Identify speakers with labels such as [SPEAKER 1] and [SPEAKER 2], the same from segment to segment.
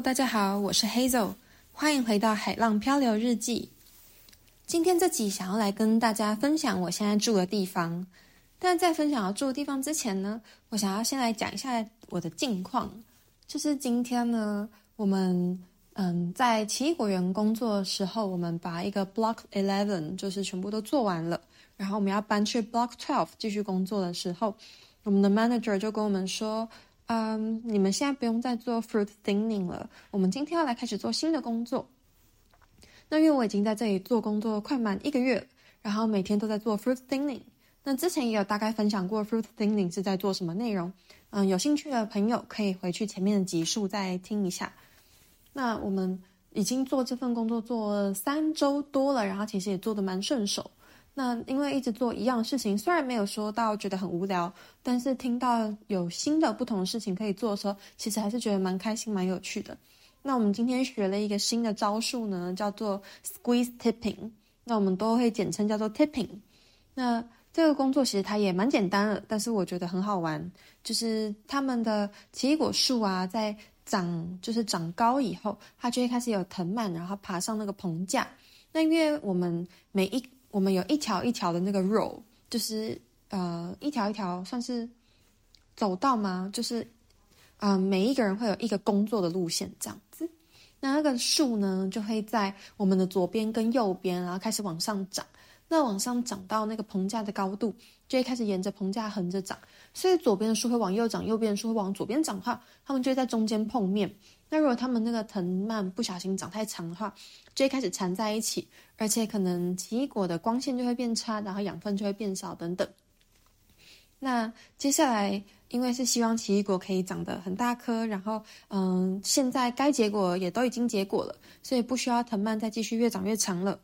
[SPEAKER 1] 大家好，我是 Hazel，歡迎回到《海浪漂流日記》。今天這集想要來跟大家分享我現在住的地方，但在分享要住的地方之前呢，我想要先來講一下我的近況。就是今天呢，我們嗯在奇異果園工作的時候，我們把一個 Block Eleven 就是全部都做完了，然後我們要搬去 Block Twelve 繼續工作的時候，我們的 Manager 就跟我們說，嗯，um, 你們現在不用再做 fruit thinning 了。我們今天要來開始做新的工作。那因為我已經在這裡做工作快滿一個月，然後每天都在做 fruit thinning。那之前也有大概分享過 fruit thinning 是在做什麼內容。嗯，有興趣的朋友可以回去前面的集數再聽一下。那我們已經做這份工作做了三周多了，然後其實也做得蠻順手。那因為一直做一樣的事情，雖然沒有說到覺得很無聊，但是聽到有新的不同的事情可以做的時候，其實還是覺得蠻開心、蠻有趣的。那我們今天學了一個新的招數呢，叫做 squeeze tipping。那我們都會簡稱叫做 tipping。那這個工作其實它也蠻簡單的，但是我覺得很好玩，就是他們的奇異果樹啊，在長就是長高以後，它就會開始有藤蔓，然後爬上那個棚架。那因為我們每一我們有一條一條的那個 row，就是呃，一條一條算是走道嗎？就是啊、呃，每一個人會有一個工作的路線這樣子。那那個樹呢，就會在我們的左邊跟右邊，然後開始往上長。那往上長到那個棚架的高度，就會開始沿着棚架橫着長。所以左邊的樹會往右長，右邊的樹會往左邊長的話，它們就會在中間碰面。那如果他們那個藤蔓不小心長太長的話，就一開始纏在一起，而且可能奇異果的光線就會變差，然後養分就會變少等等。那接下來，因為是希望奇異果可以長得很大顆，然後嗯，現在該結果也都已經結果了，所以不需要藤蔓再繼續越長越長了。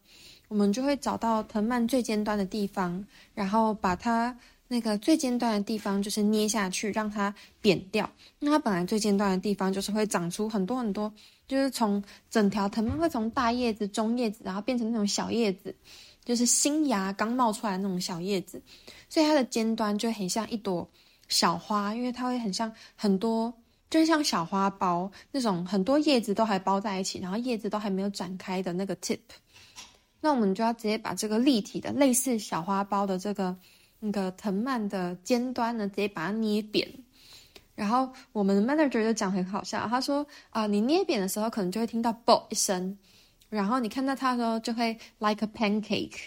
[SPEAKER 1] 我們就會找到藤蔓最尖端的地方，然後把它。那個最尖端的地方就是捏下去，讓它扁掉。那它本來最尖端的地方就是會長出很多很多，就是從整條藤蔓會從大葉子、中葉子，然後變成那種小葉子，就是新芽剛冒出來那種小葉子。所以它的尖端就很像一朵小花，因為它會很像很多，就是像小花苞那種，很多葉子都還包在一起，然後葉子都還沒有展開的那個 tip。那我們就要直接把這個立體的、類似小花苞的這個。那個藤蔓的尖端呢，直接把它捏扁，然後我們的 manager 就講很好笑，他說啊、呃，你捏扁的時候可能就會聽到 bo 一聲，然後你看到他的時候就會 like a pancake。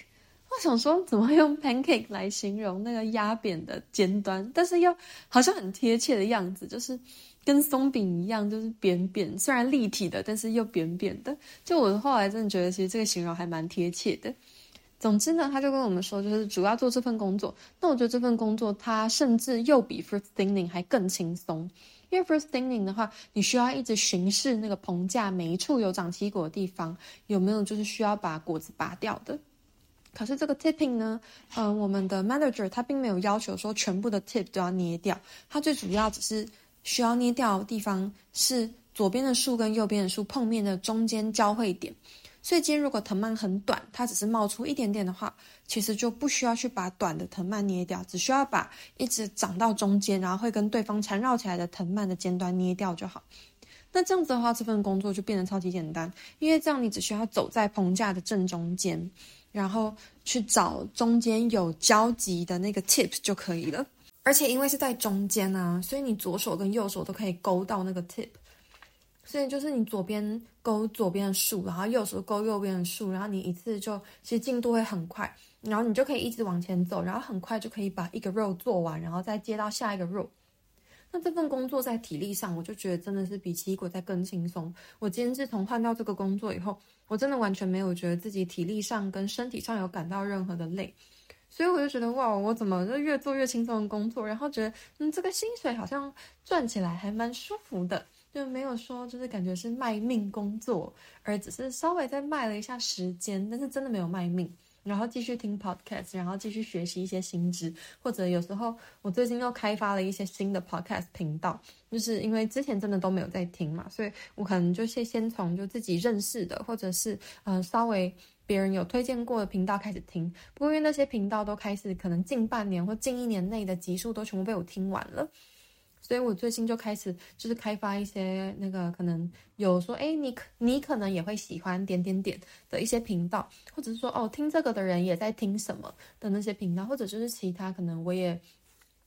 [SPEAKER 1] 我想說，怎麼用 pancake 來形容那個壓扁的尖端？但是又好像很貼切的樣子，就是跟鬆餅一樣，就是扁扁，雖然立體的，但是又扁扁的。就我後來真的覺得，其實這個形容還蠻貼切的。總之呢，他就跟我們說，就是主要做這份工作。那我覺得這份工作，它甚至又比 first thinning 還更輕鬆，因為 first thinning 的話，你需要一直巡視那個棚架每一處有長奇異果的地方，有沒有就是需要把果子拔掉的。可是這個 tipping 呢，嗯、呃，我們的 manager 他並沒有要求說全部的 tip 都要捏掉，他最主要只是需要捏掉的地方是左邊的樹跟右邊的樹碰面的中間交匯點。最近如果藤蔓很短，它只是冒出一點點的話，其實就不需要去把短的藤蔓捏掉，只需要把一直長到中間，然後會跟對方纏繞起來的藤蔓的尖端捏掉就好。那這樣子的話，這份工作就變得超級簡單，因為這樣你只需要走在棚架的正中間，然後去找中間有交集的那個 tip 就可以了。而且因為是在中間啊，所以你左手跟右手都可以勾到那個 tip。所以就是你左邊勾左邊的樹，然後右手勾右邊的樹，然後你一次就其實進度會很快，然後你就可以一直往前走，然後很快就可以把一個 row 做完，然後再接到下一個 row。那這份工作在體力上，我就覺得真的是比奇異果再更輕鬆。我今天自從換到這個工作以後，我真的完全沒有覺得自己體力上跟身體上有感到任何的累。所以我就覺得哇，我怎麼就越做越輕鬆的工作？然後覺得嗯，這個薪水好像賺起來還蠻舒服的。就沒有說，就是感覺是賣命工作，而只是稍微再賣了一下時間，但是真的沒有賣命。然後繼續聽 podcast，然後繼續學習一些新知，或者有時候我最近又開發了一些新的 podcast 頻道，就是因為之前真的都沒有在聽嘛，所以我可能就先先從就自己認識的，或者是嗯、呃、稍微別人有推薦過的頻道開始聽。不過因為那些頻道都開始可能近半年或近一年內的集數都全部被我聽完了。所以我最近就開始就是開發一些那個可能有說，哎、欸，你你可能也會喜歡點點點的一些頻道，或者是說哦聽這個的人也在聽什麼的那些頻道，或者就是其他可能我也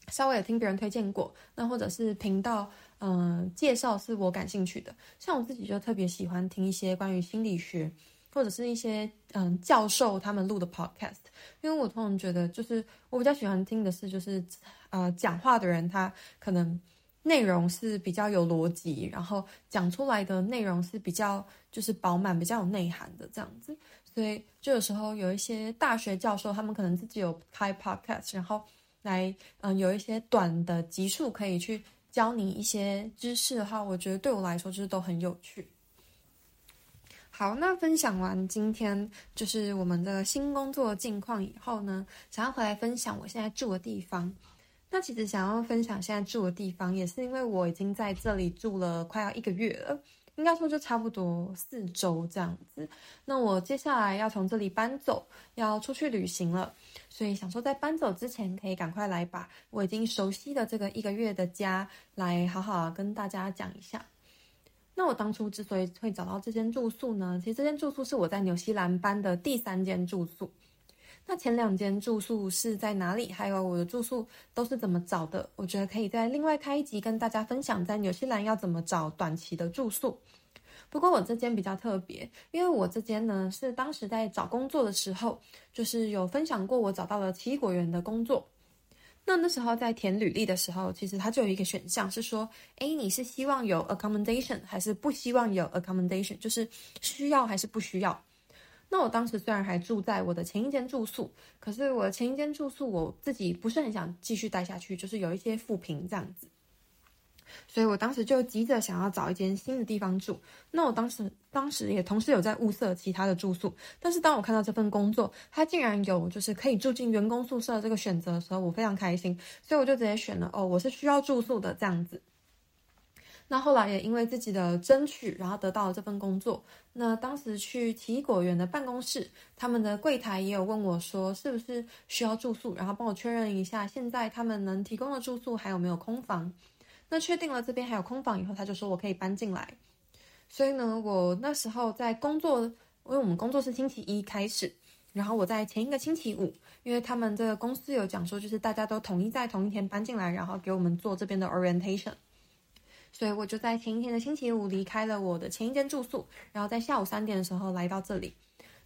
[SPEAKER 1] 稍微也聽別人推薦過，那或者是頻道嗯、呃、介紹是我感興趣的，像我自己就特別喜歡聽一些關於心理學或者是一些嗯、呃、教授他們錄的 podcast，因為我通常覺得就是我比較喜歡聽的是就是呃講話的人他可能。內容是比較有邏輯，然後講出來的內容是比較就是飽滿、比較有內涵的這樣子，所以這個時候有一些大學教授，他們可能自己有開 Podcast，然後來嗯有一些短的集數可以去教你一些知識的話，我覺得對我來說就是都很有趣。好，那分享完今天就是我們的新工作的近況以後呢，想要回來分享我現在住的地方。那其實想要分享現在住的地方，也是因為我已經在這裡住了快要一個月了，應該說就差不多四週這樣子。那我接下來要從這裡搬走，要出去旅行了，所以想說在搬走之前，可以趕快來把我已經熟悉的這個一個月的家，來好好跟大家講一下。那我當初之所以會找到這間住宿呢，其實這間住宿是我在紐西蘭搬的第三間住宿。那前兩間住宿是在哪裡？還有我的住宿都是怎麼找的？我覺得可以在另外開一集跟大家分享在紐西蘭要怎麼找短期的住宿。不過我這間比較特別，因為我這間呢是當時在找工作的時候，就是有分享過我找到了奇異果園的工作。那那時候在填履歷的時候，其實它就有一個選項是說：哎，你是希望有 accommodation 還是不希望有 accommodation？就是需要還是不需要？那我當時雖然還住在我的前一間住宿，可是我的前一間住宿我自己不是很想繼續待下去，就是有一些負評這樣子，所以我當時就急着想要找一間新的地方住。那我當時當時也同時有在物色其他的住宿，但是當我看到這份工作，它竟然有就是可以住進員工宿舍這個選擇的時候，我非常開心，所以我就直接選了哦，我是需要住宿的這樣子。那後來也因為自己的爭取，然後得到了這份工作。那當時去奇異果園的辦公室，他們的櫃台也有問我說，是不是需要住宿，然後幫我確認一下現在他們能提供的住宿還有沒有空房。那確定了這邊還有空房以後，他就說我可以搬進來。所以呢，我那時候在工作，因為我們工作是星期一開始，然後我在前一個星期五，因為他們這個公司有講說，就是大家都統一在同一天搬進來，然後給我們做這邊的 orientation。所以我就在前一天的星期五離開了我的前一間住宿，然後在下午三點的時候來到這裡。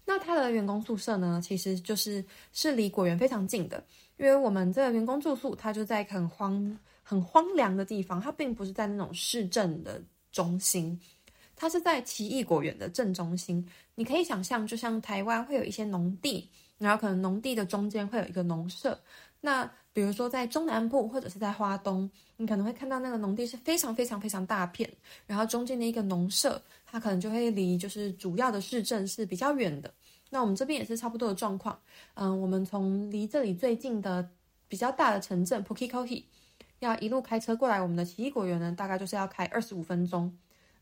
[SPEAKER 1] 那他的員工宿舍呢，其實就是是離果園非常近的，因為我們這個員工住宿，它就在很荒很荒涼的地方，它並不是在那種市政的中心，它是在奇異果園的正中心。你可以想象，就像台灣會有一些農地，然後可能農地的中間會有一個農舍，那，比如說在中南部或者是在花東，你可能會看到那個農地是非常非常非常大片，然後中間的一個農舍，它可能就會離就是主要的市鎮是比較遠的。那我們這邊也是差不多的狀況。嗯，我們從離這裡最近的比較大的城鎮 Pukikohi，要一路開車過來我們的奇異果園呢，大概就是要開二十五分鐘。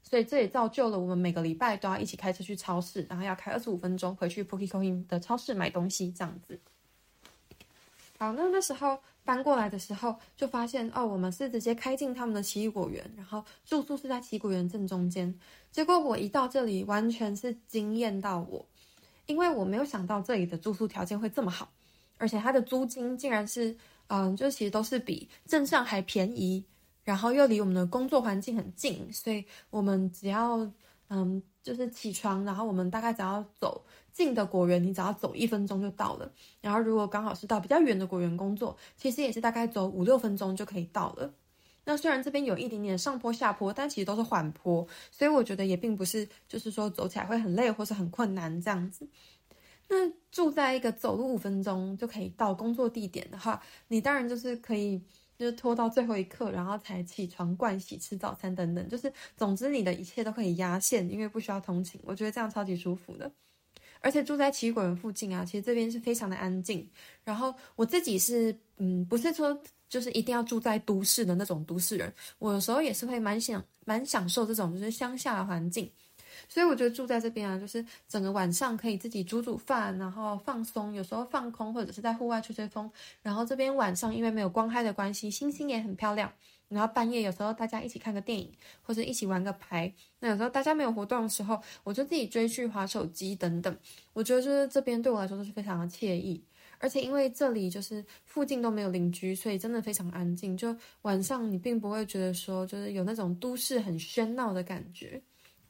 [SPEAKER 1] 所以這也造就了我們每個禮拜都要一起開車去超市，然後要開二十五分鐘回去 Pukikohi 的超市買東西這樣子。好，那那時候搬過來的時候，就發現哦，我們是直接開進他們的奇異果園，然後住宿是在奇異果園正中間。結果我一到這裡，完全是驚艷到我，因為我沒有想到這裡的住宿條件會這麼好，而且它的租金竟然是嗯，就其實都是比鎮上還便宜，然後又離我們的工作環境很近，所以我們只要嗯。就是起床，然後我們大概只要走近的果園，你只要走一分鐘就到了。然後如果剛好是到比較遠的果園工作，其實也是大概走五六分鐘就可以到了。那雖然這邊有一點點上坡下坡，但其實都是緩坡，所以我覺得也並不是就是說走起來會很累或是很困難這樣子。那住在一個走路五分鐘就可以到工作地點的話，你當然就是可以。就是拖到最後一刻，然後才起床、盥洗、吃早餐等等，就是總之你的一切都可以壓線，因為不需要通勤，我覺得這樣超級舒服的。而且住在奇異果園附近啊，其實這邊是非常的安靜。然後我自己是，嗯，不是說就是一定要住在都市的那種都市人，我有時候也是會蠻享蠻享受這種就是鄉下的環境。所以我覺得住在這邊啊，就是整個晚上可以自己煮煮飯，然後放鬆，有時候放空，或者是在戶外吹吹風。然後這邊晚上因為沒有光害的關係，星星也很漂亮。然後半夜有時候大家一起看個電影，或者一起玩個牌。那有時候大家沒有活動的時候，我就自己追劇、滑手機等等。我覺得就是這邊對我來說都是非常的愜意，而且因為這裡就是附近都沒有鄰居，所以真的非常安靜。就晚上你並不會覺得說就是有那種都市很喧鬧的感覺。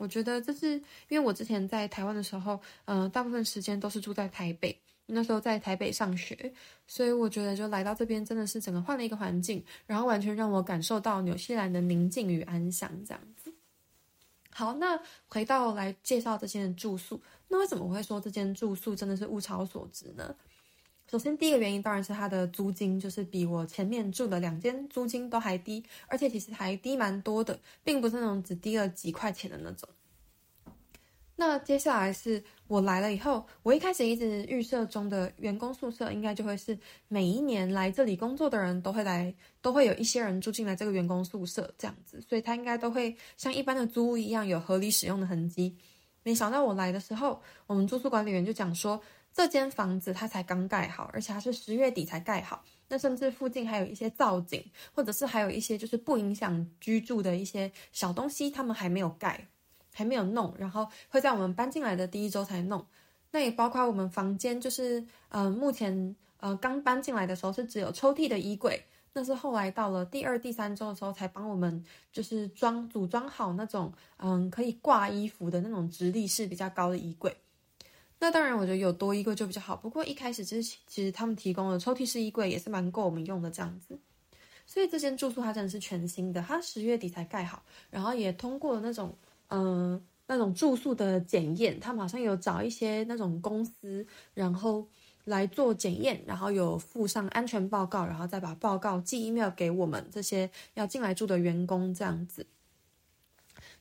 [SPEAKER 1] 我覺得這是因為我之前在台灣的時候，嗯、呃，大部分時間都是住在台北，那時候在台北上學，所以我覺得就來到這邊真的是整個換了一個環境，然後完全讓我感受到紐西蘭的寧靜與安詳這樣子。好，那回到來介紹這間的住宿，那為什麼我會說這間住宿真的是物超所值呢？首先，第一個原因當然是它的租金，就是比我前面住的兩間租金都還低，而且其實還低蠻多的，並不是那種只低了幾塊錢的那種。那接下來是我來了以後，我一開始一直預設中的員工宿舍應該就會是每一年來這裡工作的人都會來，都會有一些人住進來這個員工宿舍這樣子，所以他應該都會像一般的租屋一樣有合理使用的痕跡。沒想到我來的時候，我們住宿管理員就講說，這間房子它才剛蓋好，而且它是十月底才蓋好。那甚至附近還有一些造景，或者是還有一些就是不影響居住的一些小東西，他們還沒有蓋，還沒有弄，然後會在我們搬進來的第一周才弄。那也包括我們房間，就是嗯、呃，目前呃，剛搬進來的時候是只有抽屜的衣櫃，那是後來到了第二、第三周的時候才幫我們就是裝，組裝好那種嗯，可以掛衣服的那種直立式比較高的衣櫃。那當然，我覺得有多衣櫃就比較好。不過一開始其實其實他們提供的抽屜式衣櫃，也是蠻夠我們用的這樣子。所以這間住宿它真的是全新的，它十月底才蓋好，然後也通過了那種嗯、呃、那種住宿的檢驗。他們好像有找一些那種公司，然後來做檢驗，然後有附上安全報告，然後再把報告寄 email 給我們這些要進來住的員工這樣子。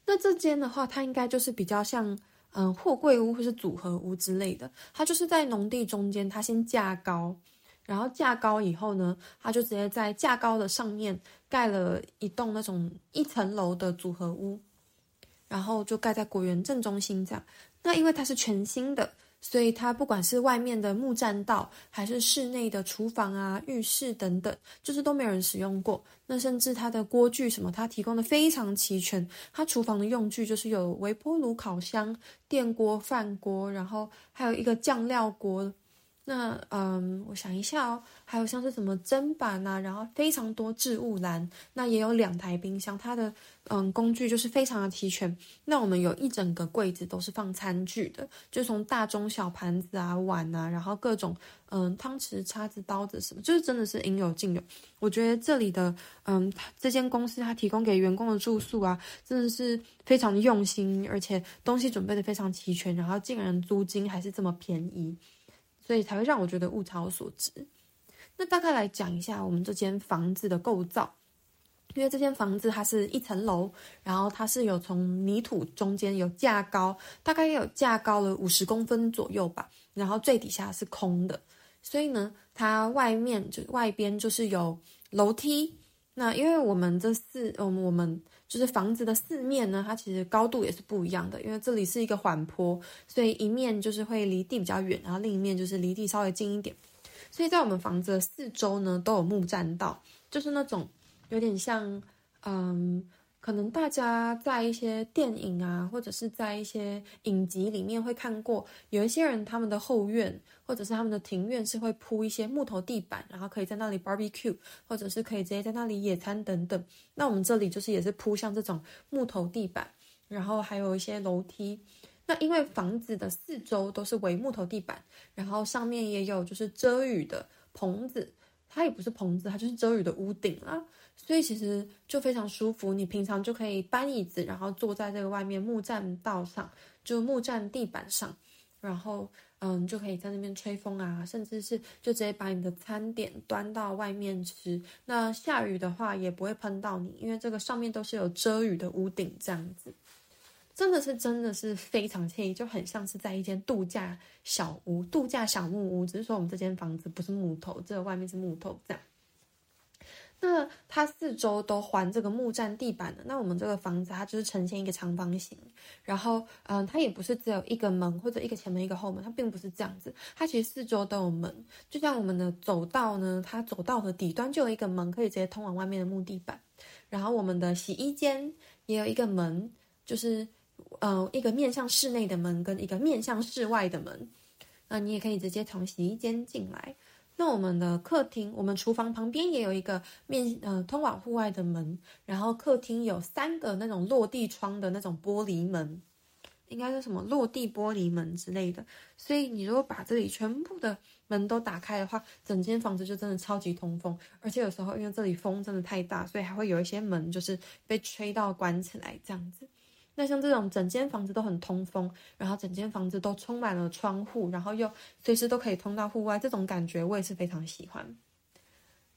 [SPEAKER 1] 那這間的話，它應該就是比較像。嗯，貨櫃屋或是組合屋之類的，它就是在農地中間，它先架高，然後架高以後呢，它就直接在架高的上面蓋了一棟那種一層樓的組合屋，然後就蓋在果園正中心這樣。那因為它是全新的。所以它不管是外面的木棧道，還是室內的廚房啊、浴室等等，就是都沒有人使用過。那甚至它的鍋具什麼，它提供的非常齊全。它廚房的用具就是有微波爐、烤箱、電鍋、飯鍋，然後還有一個醬料鍋。那嗯，我想一下哦，還有像是什麼砧板啊，然後非常多置物籃。那也有兩台冰箱，它的嗯工具就是非常的齊全。那我們有一整個櫃子都是放餐具的，就從大中小盤子啊、碗啊，然後各種嗯湯匙、叉子、刀子什麼，就是真的是應有盡有。我覺得這裡的嗯這間公司它提供給員工的住宿啊，真的是非常用心，而且東西準備的非常齊全，然後竟然租金還是這麼便宜。所以才會讓我覺得物超所值。那大概來講一下我們這間房子的構造，因為這間房子它是一層樓，然後它是有從泥土中間有架高，大概有架高了五十公分左右吧，然後最底下是空的，所以呢，它外面就外邊就是有樓梯。那因為我們這四，嗯，我們。就是房子的四面呢，它其實高度也是不一樣的，因為這裡是一個緩坡，所以一面就是會離地比較遠，然後另一面就是離地稍微近一點，所以在我們房子的四周呢，都有木棧道，就是那種有點像，嗯。可能大家在一些電影啊，或者是在一些影集裡面會看過，有一些人他們的後院或者是他們的庭院是會鋪一些木頭地板，然後可以在那裡 barbecue，或者是可以直接在那裡野餐等等。那我們這裡就是也是鋪像這種木頭地板，然後還有一些樓梯。那因為房子的四周都是圍木頭地板，然後上面也有就是遮雨的棚子，它也不是棚子，它就是遮雨的屋頂啊。所以其實就非常舒服，你平常就可以搬椅子，然後坐在這個外面木棧道上，就木棧地板上，然後嗯，就可以在那邊吹風啊，甚至是就直接把你的餐點端到外面吃。那下雨的話也不會噴到你，因為這個上面都是有遮雨的屋頂，這樣子，真的是真的是非常愜意，就很像是在一間度假小屋、度假小木屋。只是說我們這間房子不是木頭，這個外面是木頭這樣。那它四周都環這個木棧地板的，那我們這個房子它就是呈現一個長方形，然後，嗯，它也不是只有一個門或者一個前門一個後門，它並不是這樣子，它其實四周都有門，就像我們的走道呢，它走道的底端就有一個門可以直接通往外面的木地板，然後我們的洗衣間也有一個門，就是，呃，一個面向室內的門跟一個面向室外的門，那你也可以直接從洗衣間進來。那我們的客廳，我們廚房旁邊也有一個面，呃，通往戶外的門，然後客廳有三個那種落地窗的那種玻璃門，應該是什麼，落地玻璃門之類的。所以你如果把這裡全部的門都打開的話，整間房子就真的超級通風。而且有時候因為這裡風真的太大，所以還會有一些門就是被吹到關起來這樣子。那像這種整間房子都很通風，然後整間房子都充滿了窗戶，然後又隨時都可以通到戶外，這種感覺我也是非常喜歡。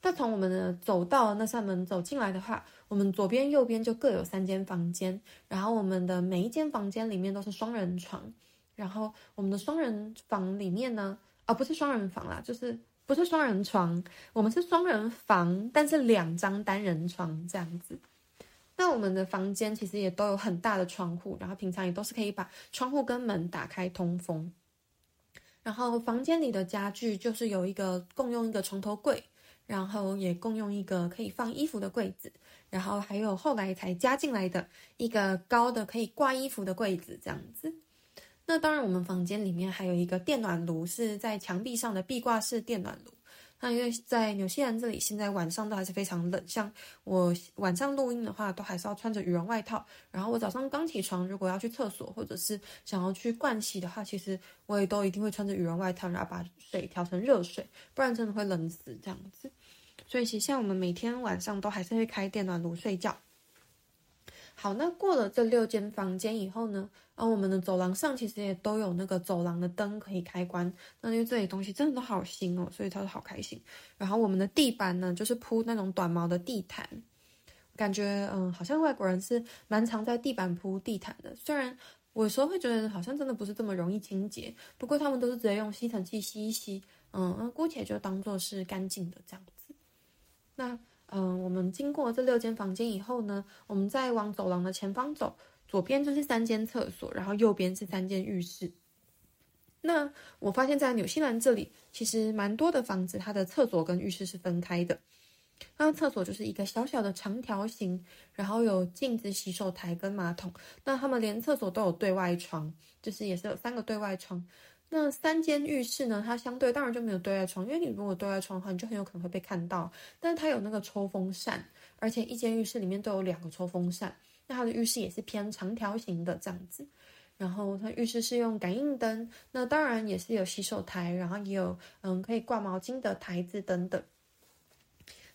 [SPEAKER 1] 那從我們的走道那扇門走進來的話，我們左邊、右邊就各有三間房間，然後我們的每一間房間裡面都是雙人床，然後我們的雙人房裡面呢，啊不是雙人房啦，就是不是雙人床，我們是雙人房，但是兩張單人床這樣子。那我們的房間其實也都有很大的窗戶，然後平常也都是可以把窗戶跟門打開通風。然後房間裡的家具就是有一個共用一個床頭櫃，然後也共用一個可以放衣服的櫃子，然後還有後來才加進來的一個高的可以掛衣服的櫃子這樣子。那當然，我們房間裡面還有一個電暖爐，是在牆壁上的壁掛式電暖爐。那因為在紐西蘭這裡，現在晚上都還是非常冷，像我晚上錄音的話，都還是要穿着羽絨外套。然後我早上剛起床，如果要去廁所或者是想要去盥洗的話，其實我也都一定會穿着羽絨外套，然後把水調成熱水，不然真的會冷死這樣子。所以其實現在我們每天晚上都還是會開電暖爐睡覺。好，那過了這六間房間以後呢，啊，我們的走廊上其實也都有那個走廊的燈可以開關。那因為這裡東西真的都好新哦，所以他都好開心。然後我們的地板呢，就是鋪那種短毛的地毯，感覺嗯，好像外國人是蠻常在地板鋪地毯的。雖然我有時候會覺得好像真的不是這麼容易清潔，不過他們都是直接用吸塵器吸一吸，嗯，姑且就當做是乾淨的這樣子。那。嗯，我們經過這六間房間以後呢，我們再往走廊的前方走，左邊就是三間廁所，然後右邊是三間浴室。那我發現，在紐西蘭這裡，其實蠻多的房子，它的廁所跟浴室是分開的。那廁所就是一個小小的長條形，然後有鏡子、洗手台跟馬桶。那他們連廁所都有對外窗，就是也是有三個對外窗。那三間浴室呢？它相對當然就沒有對外窗，因為你如果對外窗的話，你就很有可能會被看到。但是它有那個抽風扇，而且一間浴室裡面都有兩個抽風扇。那它的浴室也是偏長條形的這樣子，然後它浴室是用感應燈，那當然也是有洗手台，然後也有嗯可以掛毛巾的台子等等。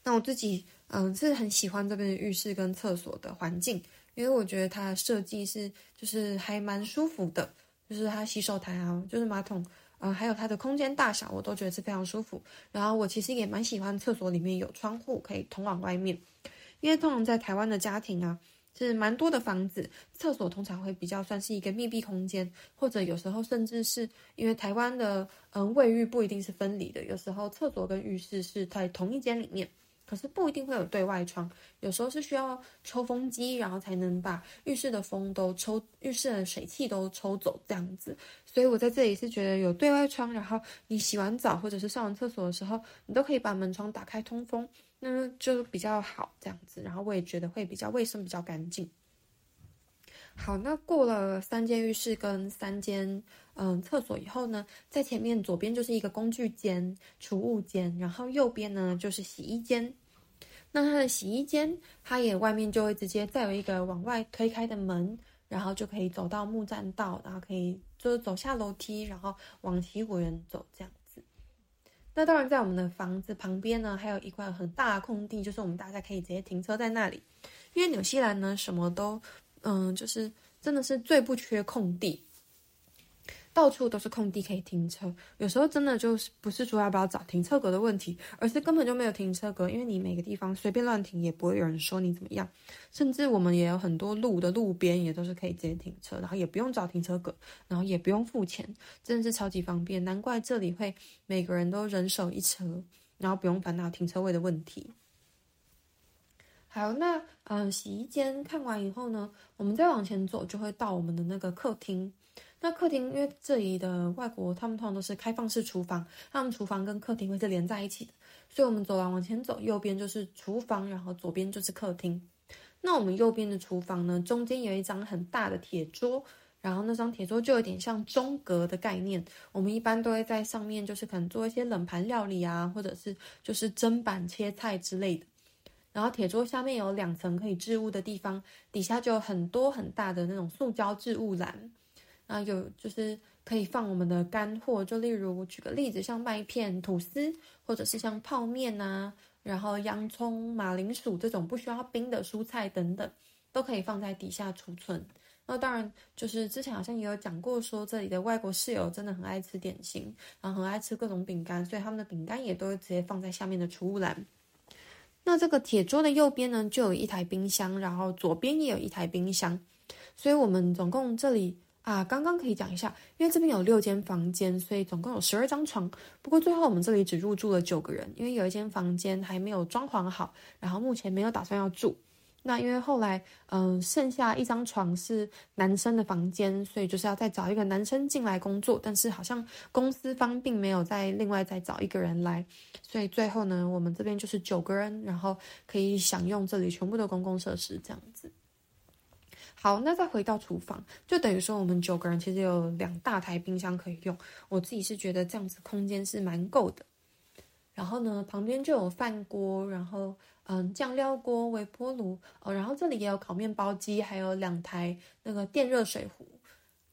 [SPEAKER 1] 那我自己嗯是很喜歡這邊的浴室跟廁所的環境，因為我覺得它的設計是就是還蠻舒服的。就是它洗手台啊，就是馬桶，呃，還有它的空間大小，我都覺得是非常舒服。然後我其實也蠻喜歡廁所裡面有窗戶可以通往外面，因為通常在台灣的家庭啊，是蠻多的房子，廁所通常會比較算是一個密閉空間，或者有時候甚至是因為台灣的嗯呃，衛浴不一定是分離的，有時候廁所跟浴室是在同一間裡面。可是不一定會有對外窗，有時候是需要抽風機，然後才能把浴室的風都抽，浴室的水汽都抽走這樣子。所以我在這裡是覺得有對外窗，然後你洗完澡或者是上完廁所的時候，你都可以把門窗打開通風，那就比較好這樣子。然後我也覺得會比較衛生，比較乾淨。好，那過了三間浴室跟三間嗯廁所以後呢，在前面左邊就是一個工具間、儲物間，然後右邊呢就是洗衣間。那它的洗衣間，它也外面就會直接再有一個往外推開的門，然後就可以走到木棧道，然後可以就是走下樓梯，然後往奇異果園走這樣子。那當然，在我們的房子旁邊呢，還有一塊很大的空地，就是我們大家可以直接停車在那裡，因為紐西蘭呢什麼都。嗯，就是真的是最不缺空地，到處都是空地可以停車。有時候真的就是不是說要不要找停車格的問題，而是根本就沒有停車格，因為你每個地方隨便亂停也不會有人說你怎麼樣。甚至我們也有很多路的路邊也都是可以直接停車，然後也不用找停車格，然後也不用付錢，真的是超級方便。難怪這裡會每個人都人手一車，然後不用煩惱停車位的問題。好，那嗯，洗衣間看完以後呢，我們再往前走就會到我們的那個客廳。那客廳因為這裡的外國他們通常都是開放式廚房，他們廚房跟客廳會是連在一起的，所以我們走廊往前走，右邊就是廚房，然後左邊就是客廳。那我們右邊的廚房呢，中間有一張很大的鐵桌，然後那張鐵桌就有點像中隔的概念，我們一般都會在上面就是可能做一些冷盤料理啊，或者是就是砧板切菜之類的。然後鐵桌下面有兩層可以置物的地方，底下就有很多很大的那種塑膠置物籃啊，然後有就是可以放我們的乾貨，就例如我舉個例子，像麥片、吐司，或者是像泡面吶、啊，然後洋蔥、馬鈴薯這種不需要冰的蔬菜等等，都可以放在底下儲存。那當然就是之前好像也有講過說，說這裡的外國室友真的很愛吃點心，然後很愛吃各種餅乾，所以他們的餅乾也都直接放在下面的儲物籃。那這個鐵桌的右邊呢，就有一台冰箱，然後左邊也有一台冰箱，所以我們總共這裡啊，剛剛可以講一下，因為這邊有六間房間，所以總共有十二張床。不過最後我們這裡只入住了九個人，因為有一間房間還沒有裝潢好，然後目前沒有打算要住。那因為後來，嗯、呃，剩下一張床是男生的房間，所以就是要再找一個男生進來工作。但是好像公司方並沒有再另外再找一個人來，所以最後呢，我們這邊就是九個人，然後可以享用這裡全部的公共設施這樣子。好，那再回到廚房，就等於說我們九個人其實有兩大台冰箱可以用。我自己是覺得這樣子空間是蠻夠的。然後呢，旁邊就有飯鍋，然後。嗯，醬料鍋、微波爐，哦，然後這裡也有烤麵包機，還有兩台那個電熱水壺。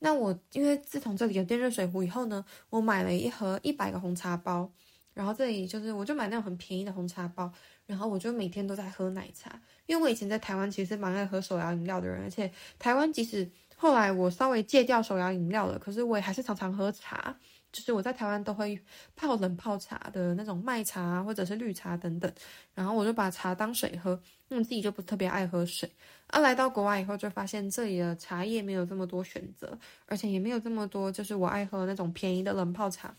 [SPEAKER 1] 那我因為自從這裡有電熱水壺以後呢，我買了一盒一百個紅茶包。然後這裡就是，我就買那種很便宜的紅茶包，然後我就每天都在喝奶茶。因為我以前在台灣其實蠻愛喝手搖飲料的人，而且台灣即使後來我稍微戒掉手搖飲料了，可是我也還是常常喝茶。就是我在台灣都會泡冷泡茶的那種麥茶、啊、或者是綠茶等等，然後我就把茶當水喝，因、嗯、為自己就不特別愛喝水。啊，來到國外以後就發現這裡的茶葉沒有這麼多選擇，而且也沒有這麼多，就是我愛喝那種便宜的冷泡茶，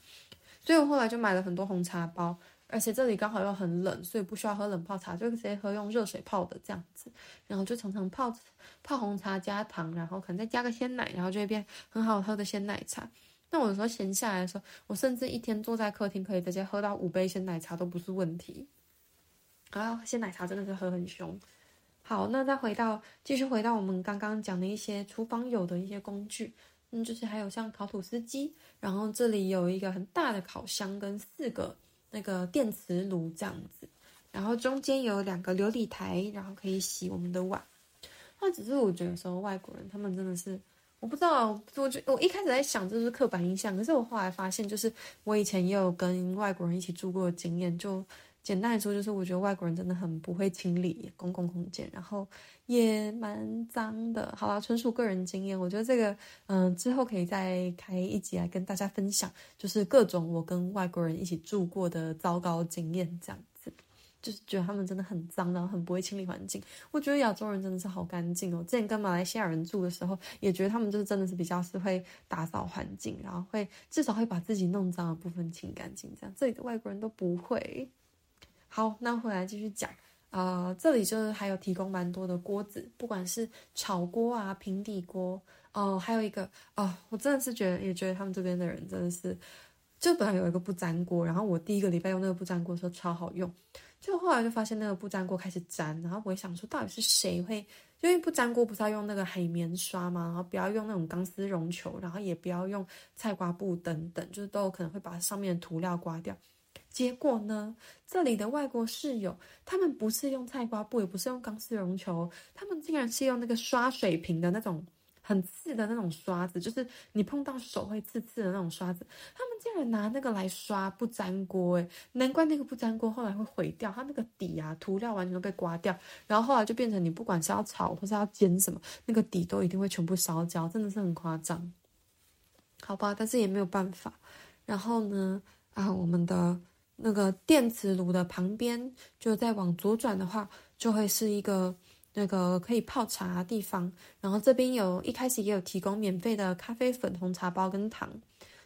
[SPEAKER 1] 所以我後來就買了很多紅茶包，而且這裡剛好又很冷，所以不需要喝冷泡茶，就直接喝用熱水泡的這樣子，然後就常常泡泡紅茶加糖，然後可能再加個鮮奶，然後就會變很好喝的鮮奶茶。那我有時候閒下來的時候，我甚至一天坐在客廳，可以直接喝到五杯鮮奶茶都不是問題啊！鮮奶茶真的是喝很凶。好，那再回到繼續回到我們剛剛講的一些廚房有的一些工具，嗯，就是還有像烤吐司機，然後這裡有一個很大的烤箱跟四個那個電磁爐這樣子，然後中間有兩個流理台，然後可以洗我們的碗。那只是我覺得說外國人他們真的是。我不知道，我覺我一開始在想，這是刻板印象。可是我後來發現，就是我以前也有跟外國人一起住過的經驗。就簡單來說，就是我覺得外國人真的很不會清理公共空間，然後也蠻髒的。好啦，啊，純屬個人經驗。我覺得這個，嗯，之後可以再開一集來跟大家分享，就是各種我跟外國人一起住過的糟糕經驗，這樣。就是覺得他們真的很髒，然後很不會清理環境。我覺得亞洲人真的是好乾淨哦。之前跟馬來西亞人住的時候，也覺得他們就是真的是比較是會打掃環境，然後會至少會把自己弄髒的部分清乾淨。這樣，這裡的外國人都不會。好，那回來繼續講啊、呃。這裡就是還有提供蠻多的鍋子，不管是炒鍋啊、平底鍋哦、呃，還有一個哦、呃，我真的是覺得也覺得他們這邊的人真的是就本來有一個不粘鍋，然後我第一個禮拜用那個不粘鍋的時候超好用。就後來就發現那個不粘鍋開始粘，然後我想說到底是誰會，因為不粘鍋不是要用那個海綿刷嗎？然後不要用那種鋼絲絨球，然後也不要用菜瓜布等等，就是都有可能會把上面的塗料刮掉。結果呢，這裡的外國室友他們不是用菜瓜布，也不是用鋼絲絨球，他們竟然是用那個刷水瓶的那種。很刺的那種刷子，就是你碰到手會刺刺的那種刷子。他們竟然拿那個來刷不粘鍋，誒，難怪那個不粘鍋後來會毀掉，它那個底啊，塗料完全都被刮掉，然後後來就變成你不管是要炒或是要煎什麼，那個底都一定會全部燒焦，真的是很誇張。好吧，但是也沒有辦法。然後呢，啊，我們的那個電磁爐的旁邊，就再往左轉的話，就會是一個。那個可以泡茶的地方，然後這邊有一開始也有提供免費的咖啡粉、紅茶包跟糖。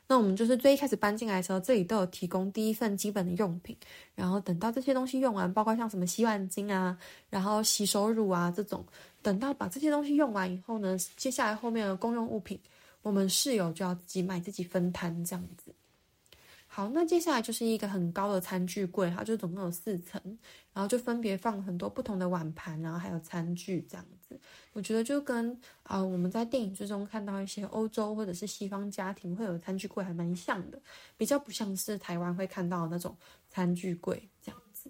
[SPEAKER 1] 那我們就是最一開始搬進來的時候，這裡都有提供第一份基本的用品。然後等到這些東西用完，包括像什麼洗碗巾啊，然後洗手乳啊這種，等到把這些東西用完以後呢，接下來後面的公用物品，我們室友就要自己買，自己分攤這樣子。好，那接下來就是一個很高的餐具櫃，它就總共有四層，然後就分別放很多不同的碗盤，然後還有餐具這樣子。我覺得就跟啊、呃，我們在電影之中看到一些歐洲或者是西方家庭會有餐具櫃，還蠻像的，比較不像是台灣會看到的那種餐具櫃這樣子。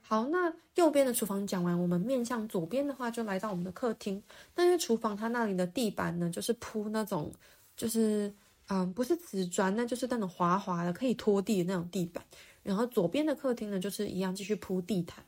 [SPEAKER 1] 好，那右邊的廚房講完，我們面向左邊的話，就來到我們的客廳。那因為廚房它那裡的地板呢，就是鋪那種就是。嗯，不是瓷磚，那就是那種滑滑的，可以拖地的那種地板。然後左邊的客廳呢，就是一樣繼續鋪地毯，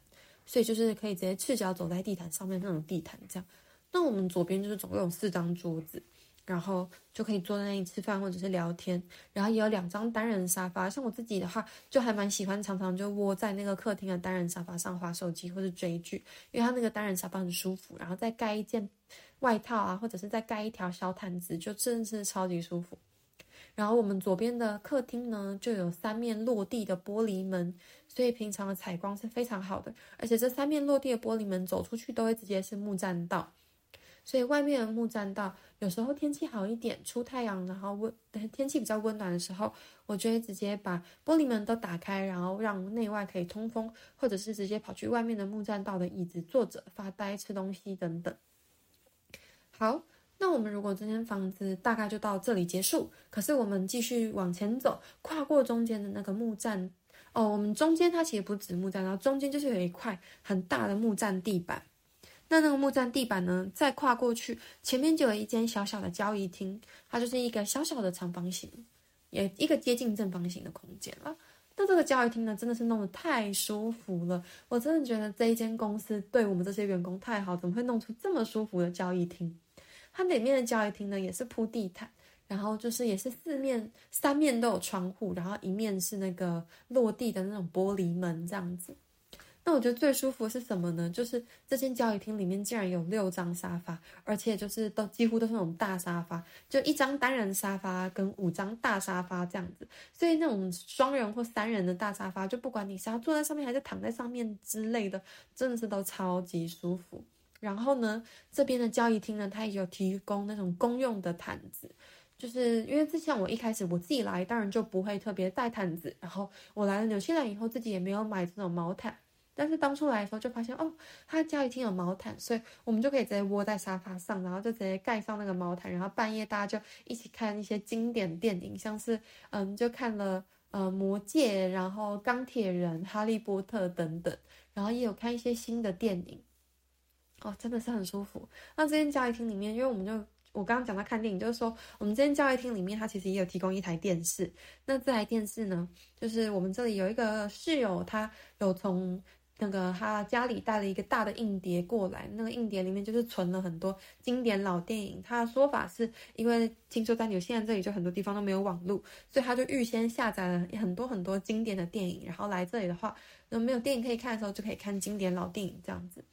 [SPEAKER 1] 所以就是可以直接赤腳走在地毯上面那種地毯。這樣，那我們左邊就是總共有四張桌子，然後就可以坐在那裡吃飯或者是聊天。然後也有兩張單人沙發，像我自己的話，就還蠻喜歡常常就窩在那個客廳的單人沙發上滑手機或者追劇，因為它那個單人沙發很舒服，然後再蓋一件外套啊，或者是再蓋一條小毯子，就真的是超級舒服。然後我們左邊的客廳呢，就有三面落地的玻璃門，所以平常的採光是非常好的。而且這三面落地的玻璃門走出去都會直接是木棧道，所以外面的木棧道有時候天氣好一點出太陽，然後溫天氣比較溫暖的時候，我就會直接把玻璃門都打開，然後讓內外可以通風，或者是直接跑去外面的木棧道的椅子坐着發呆、吃東西等等。好。那我們如果這間房子大概就到這裡結束，可是我們繼續往前走，跨過中間的那個木棧。哦，我們中間它其實不止木棧，然後中間就是有一塊很大的木棧地板。那那個木棧地板呢，再跨過去，前面就有一間小小的交誼廳，它就是一個小小的長方形，也一個接近正方形的空間了。那這個交誼廳呢，真的是弄得太舒服了，我真的覺得這一間公司對我們這些員工太好，怎麼會弄出這麼舒服的交誼廳？它裡面的交誼廳呢，也是鋪地毯，然後就是也是四面三面都有窗戶，然後一面是那個落地的那種玻璃門這樣子。那我覺得最舒服的是什麼呢？就是這間交誼廳裡面竟然有六張沙發，而且就是都幾乎都是那種大沙發，就一張單人沙發跟五張大沙發這樣子。所以那種雙人或三人的大沙發，就不管你是要坐在上面還是躺在上面之類的，真的是都超級舒服。然後呢，這邊的交誼廳呢，它也有提供那種公用的毯子，就是因為之前我一開始我自己來，當然就不會特別帶毯子。然後我來了紐西蘭以後，自己也沒有買這種毛毯。但是當初來的時候就發現，哦，它交誼廳有毛毯，所以我們就可以直接窩在沙發上，然後就直接蓋上那個毛毯。然後半夜大家就一起看一些經典電影，像是嗯，就看了呃、嗯，《魔戒》，然後《鋼鐵人》、《哈利波特》等等，然後也有看一些新的電影。哦，真的是很舒服。那這間交誼廳裡面，因為我們就我剛剛講到看電影，就是說我們這間交誼廳裡面，它其實也有提供一台電視。那這台電視呢，就是我們這裡有一個室友，他有從那個他家裡帶了一個大的硬碟過來，那個硬碟裡面就是存了很多經典老電影。他的說法是因為聽說在紐現在這裡就很多地方都沒有網絡，所以他就預先下載了很多很多經典的電影，然後來這裡的話，那沒有電影可以看的時候，就可以看經典老電影這樣子。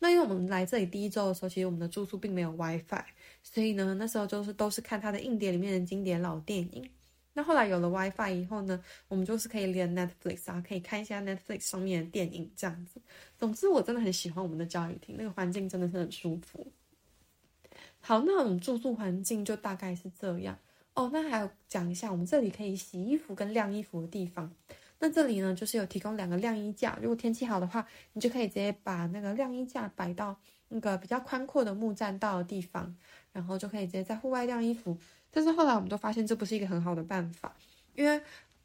[SPEAKER 1] 那因為我們來這裡第一周的時候，其實我們的住宿並沒有 WiFi，所以呢，那時候就是都是看他的硬碟裡面的經典老電影。那後來有了 WiFi 以後呢，我們就是可以連 Netflix 啊，可以看一下 Netflix 上面的電影這樣子。總之，我真的很喜歡我們的教育廳，那個環境真的是很舒服。好，那我們住宿環境就大概是這樣哦。那還要講一下，我們這裡可以洗衣服跟晾衣服的地方。那這裡呢，就是有提供兩個晾衣架，如果天氣好的話，你就可以直接把那個晾衣架擺到那個比較寬闊的木棧道的地方，然後就可以直接在戶外晾衣服。但是後來我們都發現這不是一個很好的辦法，因為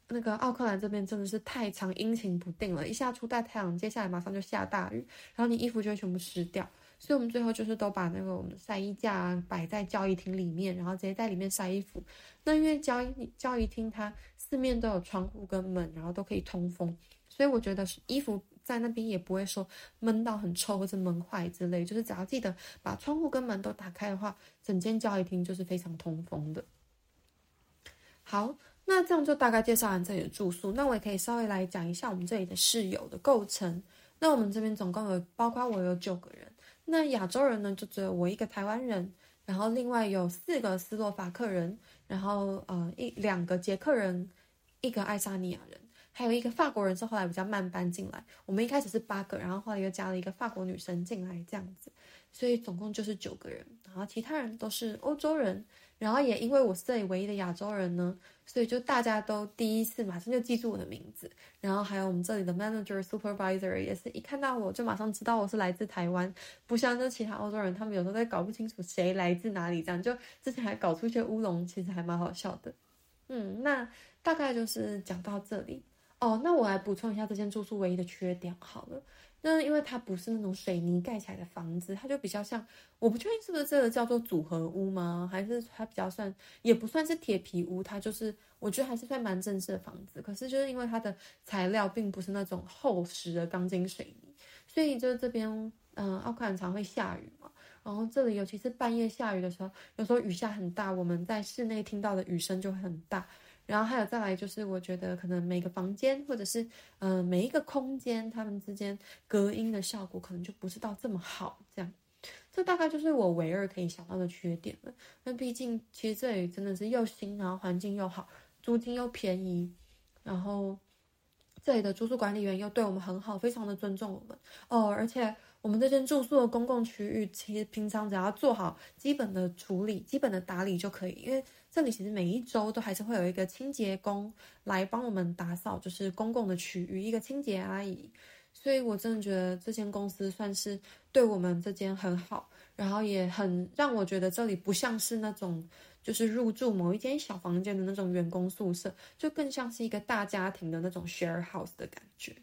[SPEAKER 1] 那個奧克蘭這邊真的是太常陰晴不定了，一下出大太陽，接下來馬上就下大雨，然後你衣服就會全部濕掉。所以，我們最後就是都把那個我們的曬衣架、啊、擺在交誼廳裡面，然後直接在裡面曬衣服。那因為交誼交誼廳它四面都有窗戶跟門，然後都可以通風，所以我覺得衣服在那邊也不會說悶到很臭或者悶壞之類。就是只要記得把窗戶跟門都打開的話，整間交誼廳就是非常通風的。好，那這樣就大概介紹完這裡的住宿。那我也可以稍微來講一下我們這裡的室友的構成。那我們這邊總共有，包括我有九個人。那亞洲人呢，就只有我一個台灣人，然後另外有四個斯洛伐克人，然後呃一兩個捷克人，一個愛沙尼亞人。還有一個法國人是後來比較慢搬進來，我們一開始是八個，然後後來又加了一個法國女生進來，這樣子，所以總共就是九個人。然後其他人都是歐洲人，然後也因為我是這裡唯一的亞洲人呢，所以就大家都第一次馬上就記住我的名字。然後還有我們這裡的 manager supervisor 也是一看到我就馬上知道我是來自台灣，不像就其他歐洲人，他們有時候在搞不清楚誰來自哪裡，這樣就之前還搞出一些烏龍，其實還蠻好笑的。嗯，那大概就是講到這裡。哦，那我來補充一下這間住宿唯一的缺點好了。那因為它不是那種水泥蓋起來的房子，它就比較像，我不確定是不是這個叫做組合屋嗎？還是它比較算也不算是鐵皮屋，它就是我覺得還是算蠻正式的房子。可是就是因為它的材料並不是那種厚實的鋼筋水泥，所以就是這邊嗯，奧克蘭常常會下雨嘛，然後這裡尤其是半夜下雨的時候，有時候雨下很大，我們在室內聽到的雨聲就會很大。然後還有再來就是，我覺得可能每個房間或者是嗯、呃、每一個空間，它們之間隔音的效果可能就不是到這麼好這樣。這大概就是我唯二可以想到的缺點了。那畢竟其實這裡真的是又新，然後環境又好，租金又便宜，然後這裡的住宿管理員又對我們很好，非常的尊重我們哦。而且我們這間住宿的公共區域，其實平常只要做好基本的處理、基本的打理就可以，因為。這裡其實每一周都還是會有一個清潔工來幫我們打掃，就是公共的區域一個清潔阿姨，所以我真的覺得這間公司算是對我們這間很好，然後也很讓我覺得這裡不像是那種就是入住某一間小房間的那種員工宿舍，就更像是一個大家庭的那種 share house 的感覺。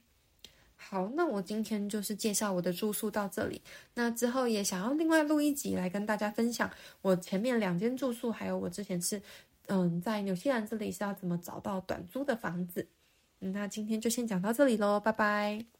[SPEAKER 1] 好，那我今天就是介紹我的住宿到這裡。那之後也想要另外錄一集來跟大家分享我前面兩間住宿，還有我之前是，嗯，在紐西蘭這裡是要怎麼找到短租的房子。那今天就先講到這裡嘍，拜拜。